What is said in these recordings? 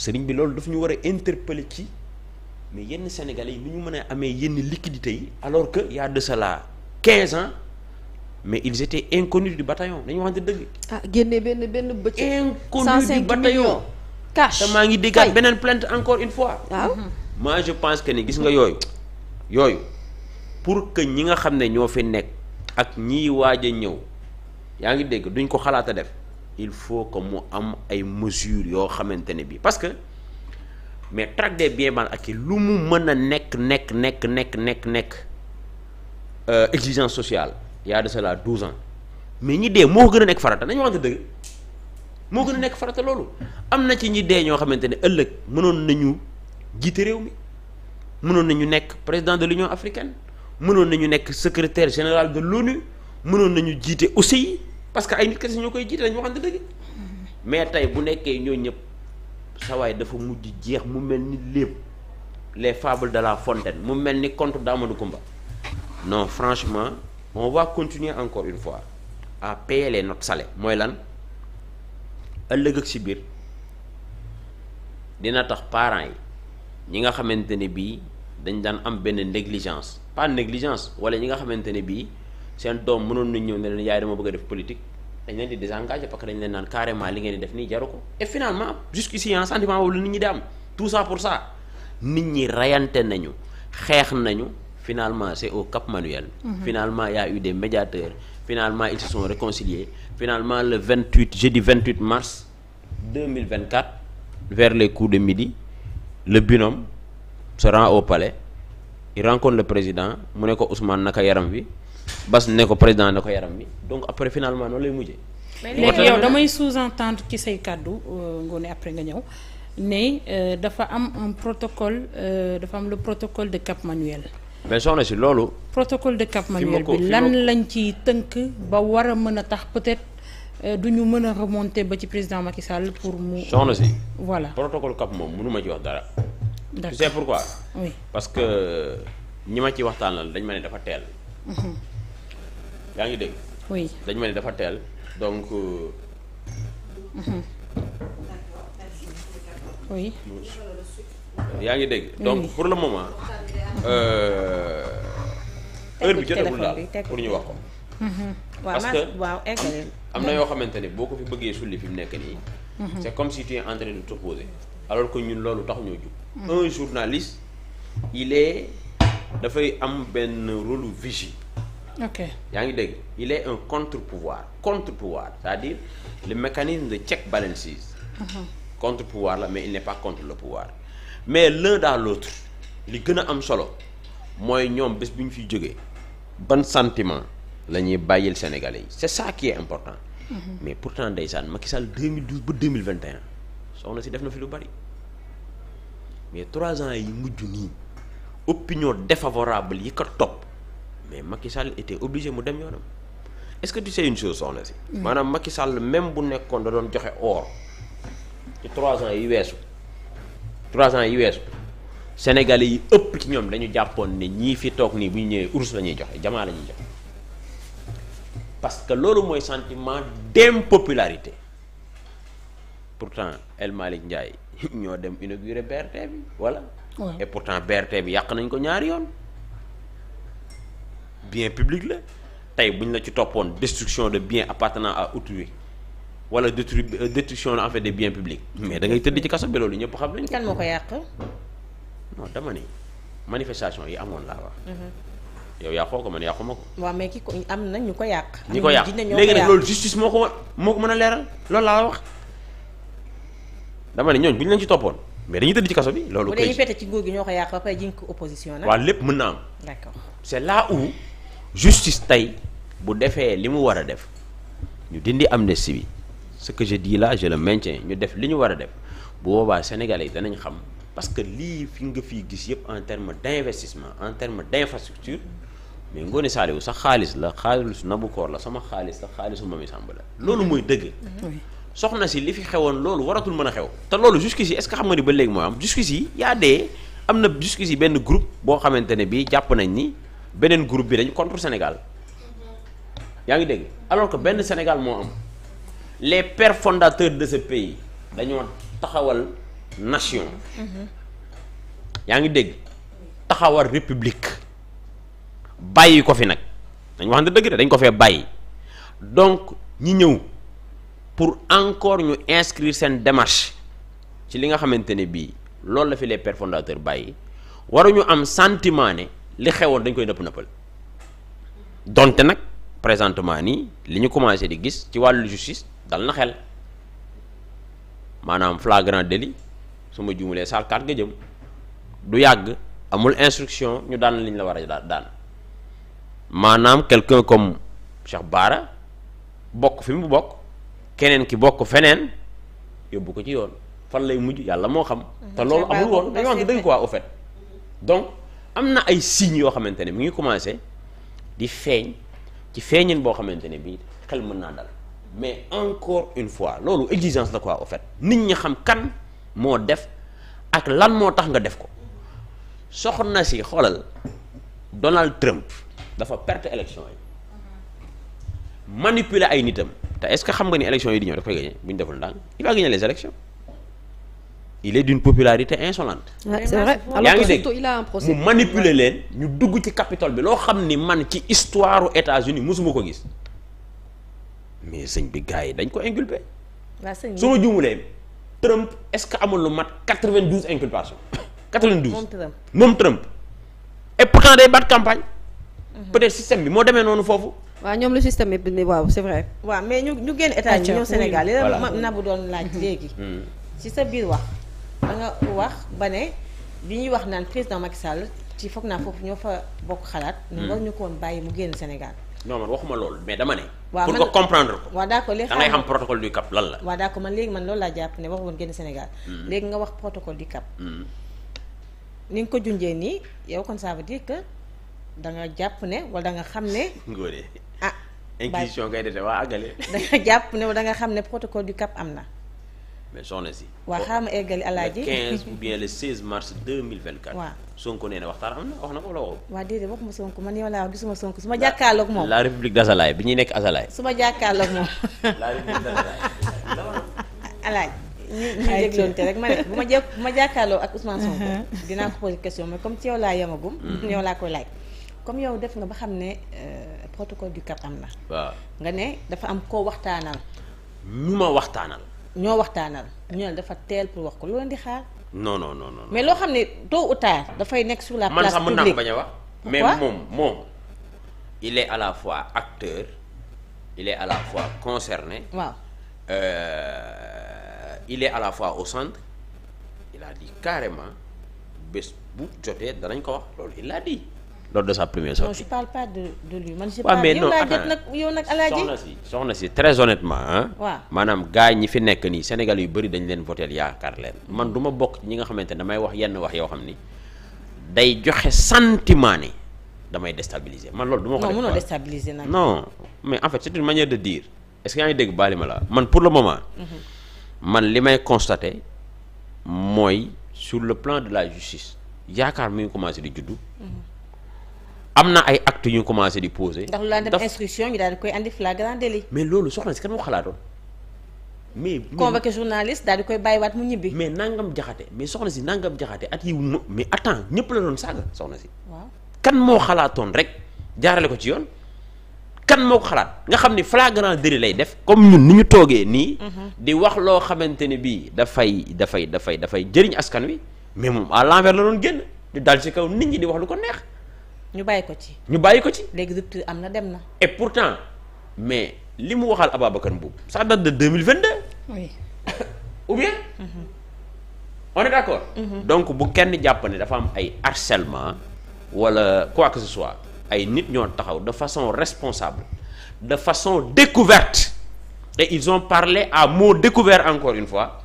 sëriñ bi loolu dafa ñu war a interpeller ci mais yenn sénégal yi nu ñu mënee amee yenn liquidité yi alors que y a de cela 15 ans mais ils étaient inconnus du bataillon dañu waxante dëgg. ah génne benn benn bëccëg. inconnus du bataillon cash maa ngi déggaat beneen plante encore une fois. waaw moi je pense que ni gis nga yooyu. yooyu pour que ñi nga xam ne ñoo fi nekk ak ñiy waaj a ñëw yaa ngi dégg duñ ko xalaata def. il faut comme mu am ay mesures yoo xamante ne bi parce que mais traque bien biens ak acquis lu mu mën a nekk nekk nekk nekk nekk nekk euh, exigence sociale yaa y a de cela douze ans mais ñi dee moo gën a nekk farata nañu waxante dëgg moo gën a nekk farata loolu am na ci ñi dee ñoo xamante ne ëllëg mënoon nañu jiite réew mi mënoon nañu nekk président de l'Union africaine mënoon nañu nekk secretaire général de l'ONU mënoon nañu jiite aussi parce que ay nit kese ñoo koy jiite dañu waxante dëgg mais tey bu nekkee ñoo ñëpp sawaay dafa mujj jeex mu mel ni lépp les fable de la fontaine mu mel ni conte d'Amadou Koumba non franchement on va continuer encore une fois à payer les notes mooy lan ëllëg ak si biir dina tax parents yi ñi nga xamante ne bii dañ daan am benn négligence pas négligence wala ñi nga xamante ne bii seen doom mënoon nañ ñëw ne leen yaay dama bëgg a def politique dañ leen di désengagé parce dañ leen naan carrément li ngeen def nii jaru ko et finalement jusqu'ici en sentiment boobu la nit ñi di am tout ça pour ça nit ñi rayante nañu xeex nañu finalement c'est au Cap Manuel mhm. finalement y a eu des médiateurs finalement ils se sont réconciliés finalement le 28 jeudi 28 mars 2024 vers les coups de midi le binôme se rend au palais il la le président mu ne ko Ousmane naka yaram wi bas ne ko président ne ko yaram bi donc après finalement noonu lay mujjee. mais léegi yow damay sous-entendre ci say kàddu euh, ngoone après nga ñëw ne euh, dafa am un protocole euh, dafa am le protocole de Cap Manuel. mais soxna si loolu. protocole de Cap Manuel bi lan lañ ci tënk ba war a mën a tax peut-être. du mën a remonter ba ci président Macky Sall pour mu. soxna si voilà protocole cap moom mënu ma ci wax dara. d'accord tu sais pourquoi. oui parce que ñi ma ci waxtaan la dañ ma ne dafa teel. Mhm. yaa ngi dégg. oui dañu mel ni dafa teel donc. Euh, oui. yaa ngi dégg donc pour le moment. Euh, heure bi jotagul daal pour ñu wax ko. Mhm. parce que am na yoo xamante ne boo ko fi bëggee sulli fi mu nekk nii. Mhm. c'est comme si tu es de t'opposer alors que ñun loolu taxu taxuñoo jug. Mhm. un journaliste il est dafay am benn rôle vigile. ok yaa ngi dégg il est un contre-pouvoir contre-pouvoir c'est-à-dire le mécanisme de check balances uh-huh. contre-pouvoir la mais il n'est pas contre le pouvoir mais l'un dans l'autre li gën a am solo mooy ñoom bés bu ñu fiy jóge ban sentiment la ñuy bàyyil Sénégalais yi c'est ça qui est important mm -hmm. mais pourtant ndeysaan Macky Sall 2012 ba 2021 soxna si def na fi lu bari mais trois ans yi mujj nii opinion défavorable yi ko topp mais Macky Sall était obligé mu dem yoonam est-ce que tu sais une chose soxna si. maanaam Macky Sall même bu nekkoon da doon joxe or. ci trois ans yi weesu trois ans yi weesu sénégalais yi ëpp ci ñoom dañu jàppoon ne ñii fi toog nii bu ñu ñëwee ours la ñuy joxe jamaa la joxe parce que loolu mooy sentiment popularité pourtant El Malick Ndiaye ñoo dem inauguré BRT bi voilà. et pourtant BRT bi yàq nañ ko ñaari yoon. bien public la tey bu ñu la ci toppoon destruction de biens appartenant a autrui wala détru euh, destruction en fait des biens publics mais da ngay tëdd ci kaso bi loolu ñëpp xam nañ kan moo ko yàq non dama ni manifestation yi amoon mhm. léegi nag loolu justice moo ko moo ko mën a leeral loolu laa wax dama ne ñooñ bu ñu leen ci toppoon mais dañuy tëdd ci kaso bi loolu bu dee fete ci nguur ñoo ko yàq ba pare jiñ opposition nag waaw lépp mën na am d'accord c'est là justice tey bu defee li mu war a def ñu dindi amnistie bi ce que je dis là je le maintiens ñu def li ñu war a def bu boobaa sénégalais yi danañ xam parce que lii fi nga fiy gis yëpp en terme d' investissement en terme d' infrastructure mais Ngoné Saliou sax xaalis la xaalis Nabou Cor la sama xaalis la xaalisu Mamy Samb la loolu mooy dëgg soxna si li fi xewoon loolu waratul mën a xew te loolu jusqu'ici est ce que xam nga ni ba léegi moo am jusqu'ici yaa dee am na benn groupe boo xamante ne bii jàpp nañ ni beneen groupe bi dañ contre Sénégal yaa ngi dégg alors que benn Sénégal moo am les pères de ce pays dañoo taxawal nation. yaa ngi dégg taxawal république bàyyi ko fi nag dañ waxante dëgg de dañ ko fee bàyyi donc ñi ñëw pour encore ñu inscrire seen démarche ci li nga xamante ne bii loolu la fi les pères bàyyi waruñu am santiment ne. li xewoon dañ koy nëpp nëppal donte nag présentement nii li ñu commencé di gis ci wàllu justice dal na xel maanaam flagrant délit su ma juumalee salkaat nga jëm du yàgg amul instruction ñu daan liñ la war a daan maanaam quelqu'un comme Cheikh baara bokk fi mu bokk keneen ki bokk feneen yóbbu ko ci yoon fan lay mujj yàlla moo xam mm-hmm. te loolu amul woon dañoo am dëgg quoi au fait donc am na ay signes yoo xamante ne mu ngi commencé di feeñ ci feeñin boo xamante ne bii xel mën naa dal mais encore une fois loolu exigence la quoi au fait nit ñi xam kan moo def ak lan moo tax nga def ko soxna si xoolal Donald Trump dafa perte élection yi manipuler ay nitam te est-ce que xam nga ni élection yi di ñëw daf koy gagné bu ñu deful ndànk il va gagner les élections il est d'une popularité insolente. Ouais, c'est vrai yaa ngi dégg mu manipuler leen ñu dugg ci capital bi loo xam ni man ci histoire u États-Unis mosuma ko gis mais sëñ bi gars yi dañ ko inculpé. waaw sëñ bi su ma juumulee Trump est-ce que amul lu mat 92 inculpations. 92 moom Trump moom Trump. et pourtant day baat campagne. Mhm. peut-être système bi moo demee noonu foofu. waa ñoom le système bi waaw c'est vrai. waaw mais ñu ñu génn état ñëw Sénégal la Nabou doon laaj mhm. léegi. Mhm. ci sa biir wax. da nga wax ba ne bi ñuy wax naan président Macky Sall ci foog naa foofu ñoo fa bokk xalaat. Hmm. ñu war ñu ko woon bàyyi mu génn Sénégal. non man waxuma loolu mais dama ne. waaw pour comprendre ko. waaw d'accord léegi da xam protocole du cap lan la. waaw d'accord man léegi man loolu laa jàpp ne waxu woon génn Sénégal. Hmm. léegi nga wax protocole du cap. Hmm. ni nga ko junjee nii yow kon ça veut jàpp ne wala da nga xam ne. ngóore ah. inquisition jàpp ne wala da nga xam ne protocole du cap am na. mais soxna si. waaw xaaral ma eggali alaaji le 15 ou bien le 16 mars 2024. waaw Sonko nee na waxtaan am na wax na ko la waxoo. waaw déedéet waxuma Sonko man yow laa wax gisuma Sonko su ma jàkkaarloog moom. la république d'Azalaï bi ñuy nekk Azalaï. su ma jàkkaarloog moom. la république d'Azalaï. alaaji ñu ñu dégloonte rek ma ne bu ma jë bu ma jàkkaarloo ak Ousmane Sonko. Uh-huh. dinaa ko posé question mais comme ci yow laa yemagum. Mm-hmm. yow laa koy laaj. comme yow def nga ba xam ne euh, protocole du Cap am na. nga ne dafa am koo waxtaanal. ñu ma waxtaanal. ñoo waxtaanal ñu ne dafa teel pour wax ko loolu di xaar. non non non non mais loo xam ne tôt ou dafay nekk sur la place publique man sax mën bañ a wax. mais moom moom il est à la fois acteur il est fois concerné. waaw euh, il est à la fois au centre il carrément bés bu jotee danañ ko wax loolu il l'a lors de sa première sortie. non je parle pas de de soxna si soxna si très honnêtement ah. maanaam gars ñi fi nekk nii Sénégal yu bëri dañ leen voté yaakaar leen man duma ma bokk ñi nga xamante ne damay wax yenn wax yoo xam ni day joxe sentiment ne damay déstabiliser man loolu. du ma ko def non mënoo déstabiliser mais en fait c'est une manière de dire est-ce que yaa ngi dégg baali ma la man pour le moment. Mhm. man li may constater mooy sur le plan de la justice yaakaar mi ngi commencé di juddu. Mhm. am na ay actes yu ñu commencé di poser. ndax lu daan def instruction ñu daal di koy andi flagrant délit. mais loolu soxna si kan moo xalaatoon. mais convoqué journaliste daal di koy bàyyiwaat mu ñibbi. mais nangam jaxate mais soxna si nangam jaxate at yi mais attends ñëpp la doon saaga soxna si. waaw kan moo xalaatoon rek jaarale ko ci yoon. kan moo xalaat nga xam ni flagrant délit lay def comme ñun ni ñu toogee nii. Mhm. di wax loo xamante ne bii dafay dafay dafay dafay jëriñ askan wi mais moom à l'envers la doon génn di dal ci kaw nit ñi di wax lu ko neex. ñu bàyyi ko ci. ñu bàyyi ko ci. léegi rupture am na dem na. et pourtant mais li mu waxal Ababacar Mboub ça date de deux mil vingt deux. oui ou bien. Mm mm-hmm. d' accord. Mm-hmm. donc bu kenn jàpp ne dafa am ay harcèlement wala quoi que ce soit ay nit ñoo taxaw de façon responsable de façon découverte et ils ont parlé à mot découvert encore une fois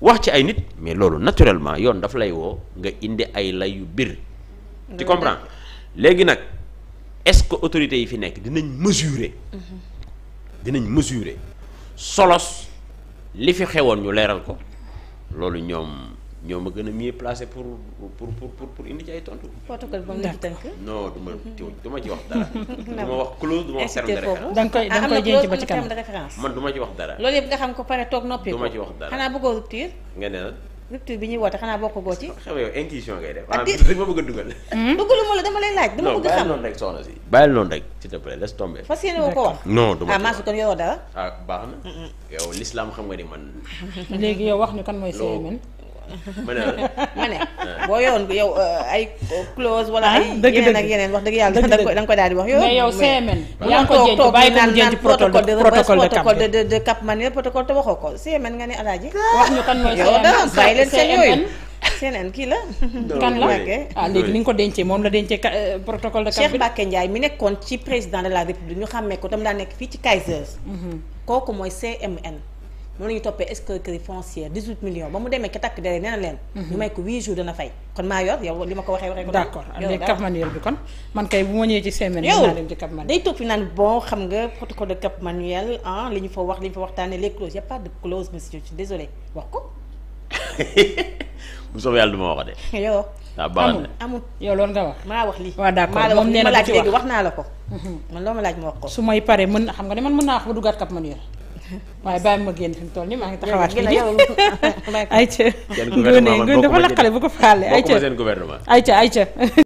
wax ci ay nit mais loolu naturellement yoon dafa lay woo nga indi ay la yu bir tu comprends. léegi nag est-ce que autorités yi fi nekk dinañ mesurer dinañ mesurer solos li fi xewoon ñu leeral ko loolu ñoom ñoom a gën a mieux placé pour pour pour pour indi ci ay tontu. protocole boobu nga ci tënk. non du ci wax dara. du wax clause du da nga koy da nga koy ci ma ci wax dara. loolu yëpp nga xam ko pare toog noppi. du ci wax dara xanaa bëggoo rupture. nga ne la. rupture bi ñuy woote xanaa bokk goo ci. xam nga yow intuition ngay def. ah déedéet ma bëgg a dugal. dugaluma hmm? la dama lay laaj. dama bëgg xam non bàyyil noonu rek soxna si. bàyyil noonu rek s'il te plaît laisse tomber. fas yéene woo ko wax. non dama ah kon yoroo dara. ah baax na. Hmm, hmm. yow l'islam xam nga ni man. léegi yow wax ñu kan mooy. ma ne ma ne ah. boo yoroon yow eh, ay close wala ah, ay yeneen ak yeneen wax dëgg yàlla da nga koy da di wax yow mais yow ko jënd bàyyi ko jënd protocole de protocole de de cap man seen yooyu seneen kii la. kan la ah léegi ni nga ko dencee moom la dencee eh, protocole de. Cheikh Mbacke Ndiaye mi nekkoon ci président de la république ñu xàmmee ko tam daa nekk fii ci Kaysers. Mhm. kooku mooy CMN. noonu lañu toppee escroquerie foncière 18 millions ba mu demee ki takk dere nee leen mhm. ñu may ko 8 jours dana fay kon maa yor yow li ma ko waxee waxee ko d'accord mais man naa dem ci Cap Manuel day toog fi naan ah, wax li wax ko bu soobee yàlla du ma wax de yow ah, amul amul yow wax maa wax lii waaw d'accord moom na la ko mhm. man loo ma su may paree mën xam nga ne man mën naa wax ba duggaat Cap Manuel waaye bàyyi ma génn fi mu toll nii maa ngi taxawaat fii nii ayca. seen gouvernement man bokk ma seen bu ko faale ayca ayca ayca.